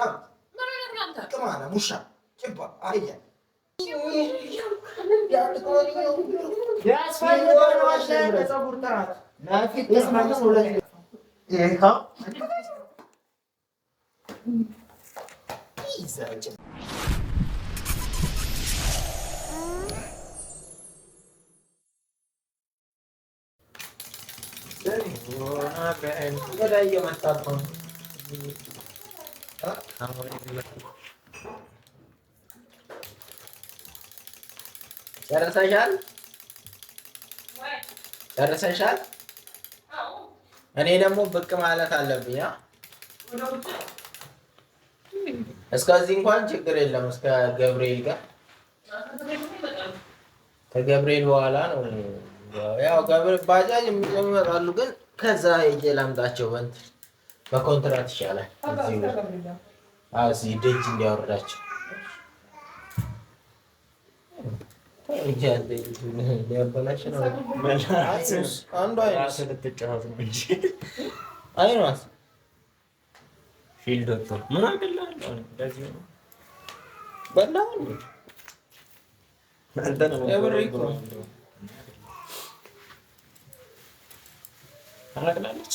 Come on. Non è una Come on, Musha. Che bo... Aia. Ya, sebab dia buat macam ni, dia tak buat tak. Nak fikir macam mana nak buat. Eh, ha? Ini saja. Jadi, mana ben? Kau dah yang mantap. ጨርሰሻል? ጨርሰሻል? እኔ ደግሞ ብቅ ማለት አለብኝ። እስከዚህ እንኳን ችግር የለም። እስከ ገብርኤል ጋር ከገብርኤል በኋላ ነው ያው ባጃጅ የሚመጣሉ፣ ግን ከዛ ሄጄ ላምጣቸው በእንትን በኮንትራት ይሻላል። እዚህ ደጅ እንዲያወርዳቸው ሊያበላሽ ነው። ፊልድ ወጥቶ ምን አገላለሁ በላ ታረቅላለች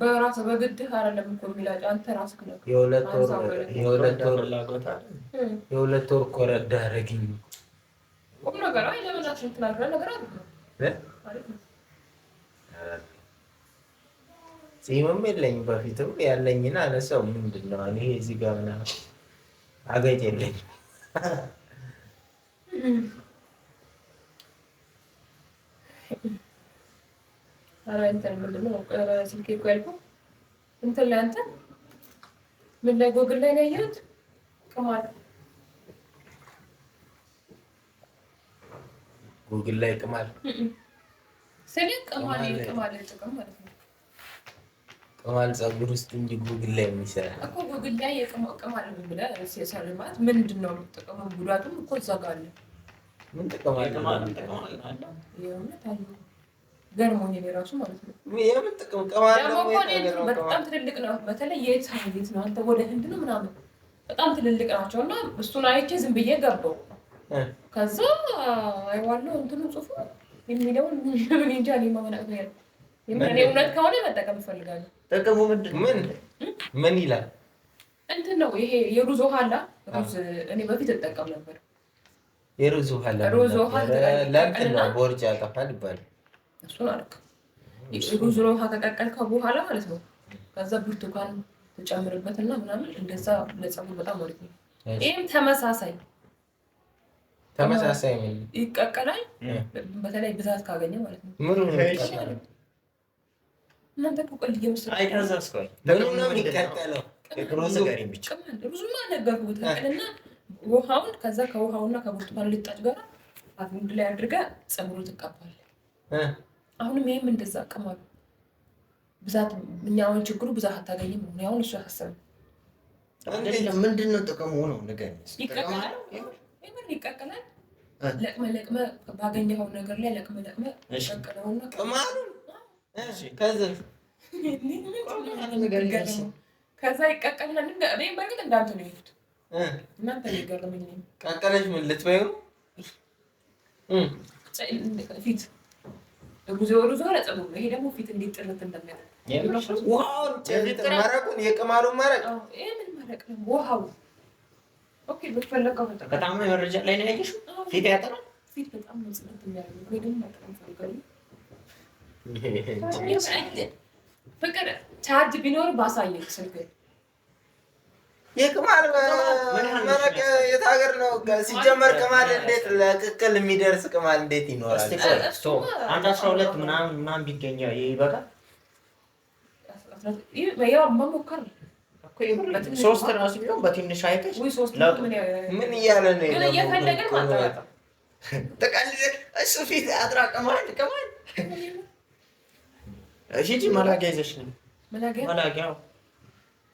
በራስ በግድህ አይደለም እኮ የሚላጭ አንተ ራስህ ነው። የሁለት ወር የሁለት የሁለት ወር ወር ኮረዳ አደረግኝ። ቁም ነገር አይ ለመናችን ትናገረ ነገር ጺምም የለኝ በፊትም ያለኝን አነሰው ምንድን ነው ይሄ እዚህ ጋር ምናምን አገጭ የለኝ ኧረ እንትን ምንድን ነው ስልኬ እኮ ያልኩህ እንትን ላይ አንተ ምን ላይ ጎግል ላይ ነው ያየሁት ቅማል ጎግል ላይ ቅማል ቅማል ጥቅም ማለት ነው ቅማል ፀጉር ውስጥ እንጂ ጉግል ላይ የሚሰራ እኮ ጉግል ላይ ማለት ምንድን ነው ጥቅሙ? ጉዳቱም እኮ እዛ ጋር አለ። ምን ገርሞኝ የራሱ ማለት ነው። በጣም ትልልቅ ነው። በተለይ የት ሳይቤት ነው አንተ ወደ ህንድ ነው ምናምን በጣም ትልልቅ ናቸው። እና እሱን አይቼ ዝም ብዬ ገባው። ከዛ አይዋለው እንትኑ ጽሑፉ የሚለውን ምን እንጃ ማመናቅ ነው እውነት ከሆነ መጠቀም እፈልጋለሁ። ጥቅሙ ምን ምን ይላል? እንትን ነው ይሄ የሩዝ ውሃ አላ ሩዝ እኔ በፊት እጠቀም ነበር። የሩዝ ውሃ ሩዝ ነው ቦርጭ ያጠፋል ይባላል እሱን አደረክ። ሩዝ ውሃ ከቀቀልከው በኋላ ማለት ነው። ከዛ ብርቱካን ትጨምርበትና ምናምን እንደዛ ለጸጉር በጣም ወሪት ነው። ይህም ተመሳሳይ ተመሳሳይ ይቀቀላል። በተለይ ብዛት ካገኘ ማለት ነው። እናንተ ቆቀል ብዙማ ነገርኩት እና ውሃውን ከዛ ከውሃውና ከብርቱካን ልጣጭ ጋር አፍንድ ላይ አድርገ ጸጉሩ ትቀባለህ አሁንም ይህም እንደዛ አቀማሉ ብዛት እኛ አሁን ችግሩ ብዛት አታገኝም ነው አሁን እሱ ያሳሰበ ምንድን ነው ጥቅሙ ነው ንገረኝ ይቀቀላል ይቀቀላል ለቅመ ለቅመ ባገኘኸው ነገር ላይ ለቅመ ለቅመ ቀቅለውና ከዛ ይቀቀልና በእርግጥ እንዳንተ ነው ይሉት እናንተ ነው የገረመኝ ቀቀለች ምን ልትበይሩ ፊት ሙዚ ወደ ዙ ነው። ይሄ ደግሞ ፊት እንዴት ጥርት እንደሚያደርግ መረቁን የቅማሉን መረቅ ምን ነው? በጣም መረጃ ላይ ነው ያየሽው። ፊት ያጠራል። ፊት በጣም ነው ጽናት የሚያደርግ ፍቅር ቻርጅ ቢኖር ባሳየቅ ስልክ የቅማል መረቅ የት ሀገር ነው? ሲጀመር ቅማል እንዴት ለቅቅል የሚደርስ ቅማል እንዴት ይኖራል? አንድ አስራ ሁለት ምናምን ምናምን ቢገኝ ይበቃል። መሞከር ሶስት ራሱ ቢሆን በትንሽ አይተሽ ምን እያለ ነው? እሱ ፊት አጥራ ቅማል ቅማል እሺ መላጊያ ይዘሽ ነው መላጊያ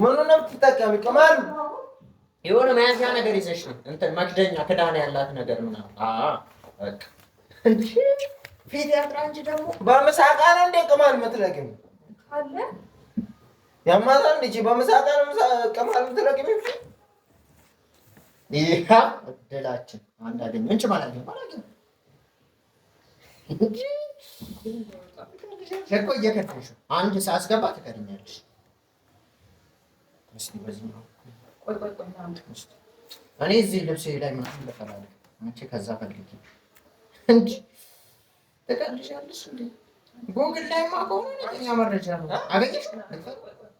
ምኑን ነው የምትጠቀሚ? ቅማል የሆነ መያዣ ነገር ይዘሽ ነው እንትን መክደኛ ክዳን ያላት ነገር ምናምን። ፊት ያጥራ እንጂ ደግሞ በምሳቃ ነው እንደ ቅማል የምትለቅሚ ያማታል እንጂ በምሳቃ ነው ቅማል የምትለቅሚ። ይህ እድላችን አንዳገኝ ምንጭ ማለት ነው ሸቆ እየከተሽ አንድ ሳስገባ ትከድኛለሽ። እስኪ በዚህ ነው እኔ እዚህ ልብስ ላይ ምናምን ልፈላለግ መቼ ከዛ ፈልጊ እንጂ ትቀልሻለሽ። እንደ ጎግል ላይ ማ ከሆነ እኛ መረጃ ነው አገኘሽ።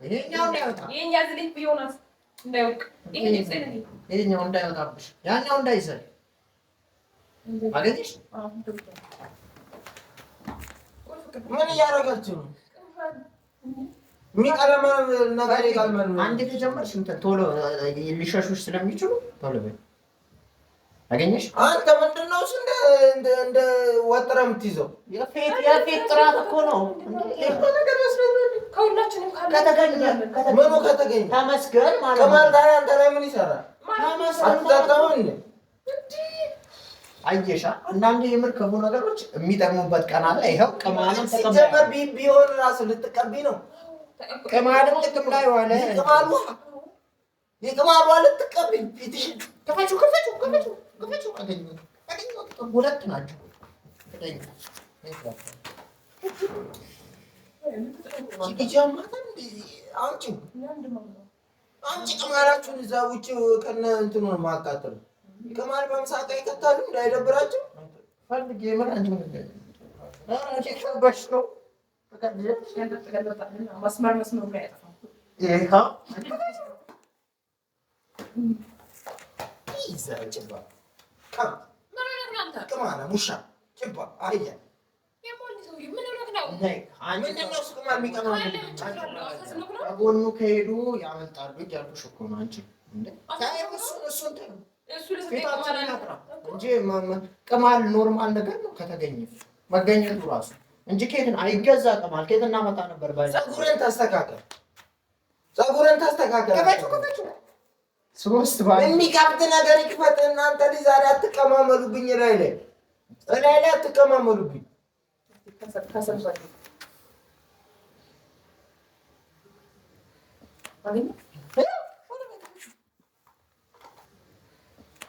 ይሄኛው እንዳይወጣ ይሄኛው እንዳይወጣብሽ፣ ያኛው እንዳይዘል አገኘሽ ምን እያደረገችው ነው? የሚቀለመ ነገር ይቀልመን። አንድ ከጀመርሽ ቶሎ ሊሸሹሽ ስለሚችሉ ቶሎ በይ። አገኘሽ? አንተ ምንድን ነው እንደ እንደ ወጥረህ የምትይዘው? የፌት ጥራት እኮ ነው። ምኑ ከተገኘ ተመስገን ማለት ነው። ከማን ጋር አንተ ላይ ምን ይሰራል? ተመስገን አየሻ አንዳንዴ የምር ክፉ ነገሮች የሚጠቅሙበት ቀን አለ። ይኸው ቅማንም ሲጀመር ቢሆን ራሱ ልትቀቢ ነው። ቅማልም ጥቅም ላይ ዋለ። ቅማሉ የቅማሉ ልትቀቢ ፊትሽ ክፈጩ ክፈጩ ክፈጩ ክፈጩ። ሁለት ናቸው። አንቺ ቅማላችሁን እዛ ውጭ ከነ እንትኑን ማቃጠሉ ቅማል በምሳቃ ይከታሉ እንዳይደብራቸው ፈልጌ ምን አንድ መስመር መስመር ከሄዱ ያመልጣሉ እያልኩሽ እኮ ነው አንቺ ፊታችን እንጂ ቅማል ኖርማል ነገር ነው ከተገኘ መገኘቱ ራሱ እንጂ ኬትን አይገዛ ቅማል ኬት እናመጣ ነበር። ፀጉርን ፀጉርን ነገር ይክፈት። እናንተ ዛሬ አትቀማመሉብኝ፣ ላይ ላይ ላይ ላይ አትቀማመሉብኝ።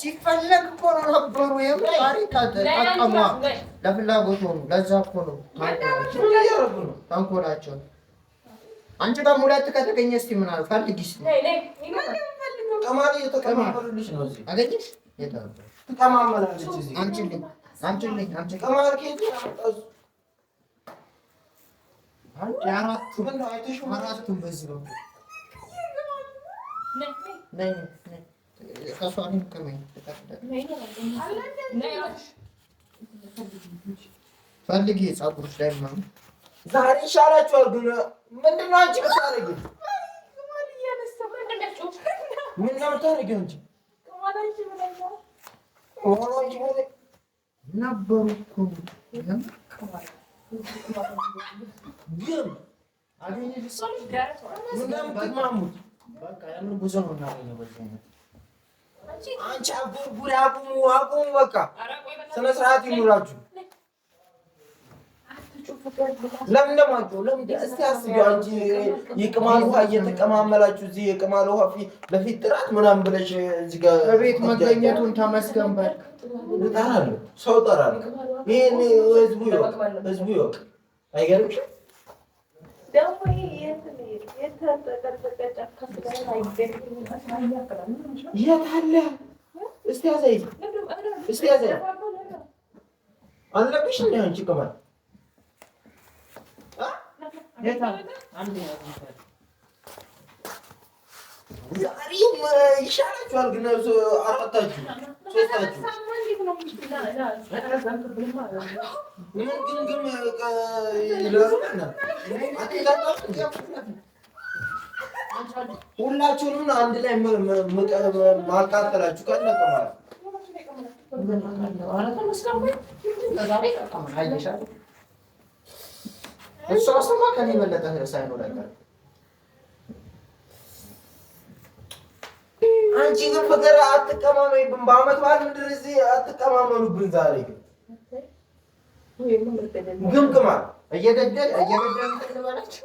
ሲፈለግ እኮ ነው ነበሩ። ታሪክ ለፍላጎት ሆኑ። ለዛ እኮ ነው ተንኮላቸው። አንቺ ጋር ሁለት ከተገኘ እስኪ ምን አሉ ፈልጊ ነው Φασόνι μου καμία. ፈልጊ ፀጉርሽ ላይ ምናምን ዛሬ ይሻላቸ ወግነ ምንድነው? አንቺ ምታደርጊ ምን ነው ምታደርጊ? አንቺ ነበሩ እኮ ግን አገኘ ሰው ምናምን ትማሙት በቃ ያምን ጉዞ ነው እናገኘ በዚህ አይነት አንቺ አጉርጉር አቁሙ፣ አቁሙ። በቃ ስነ ስርዓት ይኑራችሁ። ለምን ደማችሁ? ለምን እስቲ አስቢ። አንቺ የቅማል ውሃ እየተቀማመላችሁ እዚህ የቅማል ውሃ በፊት ጥራት ምናምን ብለሽ እዚህ ጋር ቤት መገኘቱን ተመስገን በል። እጠራለሁ፣ ሰው እጠራለሁ። ይሄን ህዝቡ ይወቅ፣ ህዝቡ ይወቅ። አይገርምሽም? የት አለ? እስቲ ያዘኝ፣ እስቲ ያዘኝ። አለብሽ እንደ አንቺ ቅባት ዛሬም ይሻላችኋል፣ ግን አራታችሁ ሶስታችሁ ምን ግምግም ሁላችሁንም አንድ ላይ ማቃጠላችሁ ቀለቀ ማለት እሷ ስማ ከኔ የበለጠ ሳይኖር አንቺ ግን ፍቅር አትቀማመኝብን። በአመት በዓል ምድር እዚህ አትቀማመኑብን። ዛሬ ግን ግምግማ እየገደል እየገደል ትቅንበላችሁ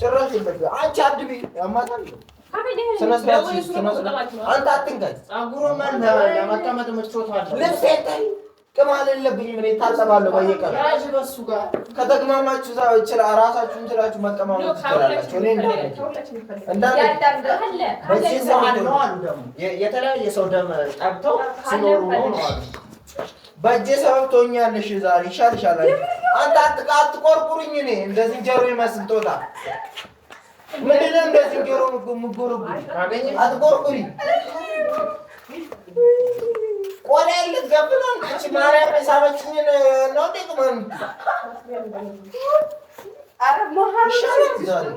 ጭራሽ የለም። አንቺ አድቤ ያማታል። ስነ ስርዓት አንተ አትንካኝ። ለማቀመጥ ምቾት አለ። ቅማል የለብኝም እኔ ታጠባለሁ በየቀኑ። በሱ ጋር ከተግማማችሁ ራሳችሁ እንችላችሁ መቀማመጥ ትችላላችሁ። በዚህ የተለያየ ሰው ደም ጠብተው ሲኖሩ ነው አሉ በእጄ ሰበብ ትሆኛለሽ። ዛሬ ይሻልሻል። አንተ አትቆርቁሩኝ። እኔ እንደ ዝንጀሮ ይመስል ጦጣ ምንድን ነው እንደ ዝንጀሮ የምትጎረጉ? አትቆርቁሪ። ቆዳ ልትገብ ነው። ማርያም ሳበችኝ ነው ጥቅመን ይሻላል ዛሬ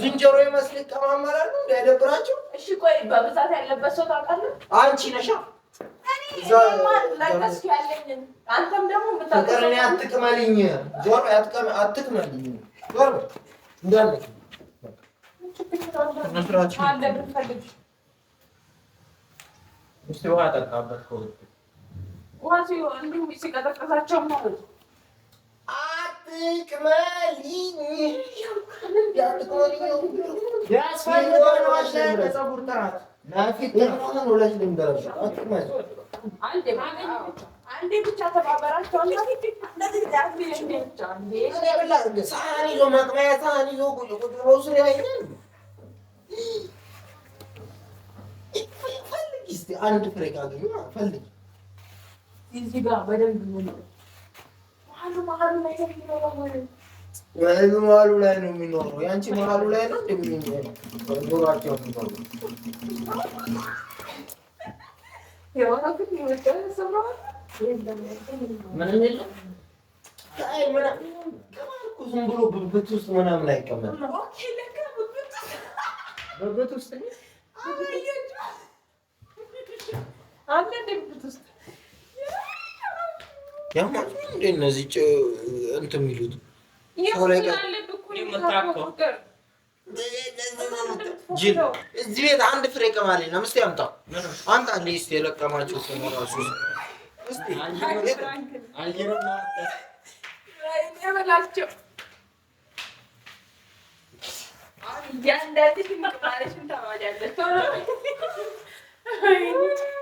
ዝንጀሮ የመስል ይቀማመላሉ እንዳይደብራቸው። እሺ ቆይ በብዛት ያለበት ሰው ታውቃለህ? አንቺ ነሻ። አንተም ደግሞ ፍቅርን አትቅመልኝ፣ ጆሮ አትቅመልኝ። ጆሮ እንዳለ ውሃ ጠጣበት። ውሃ ሲቀጠቅጣቸው ማለት ነው አንድ ፍሬ ካገኘ ፈልግ እዚህ ጋር በደንብ የህዝብ መሀሉ ላይ ነው የሚኖረው። የአንቺ መሀሉ ላይ ነው እንደሚኖረው ኖራቸው ዝም ብሎ ብብት ውስጥ ምናምን አይቀመጥ ብብት ውስጥ ያማት እንደ እነዚህ እንትን የሚሉት ጅል እዚህ ቤት አንድ ፍሬ ቀማለኝ ነው። እስኪ አምጣ አምጣ እንዲህ እስኪ የለቀማቸው ሰው እራሱ እያንዳንድ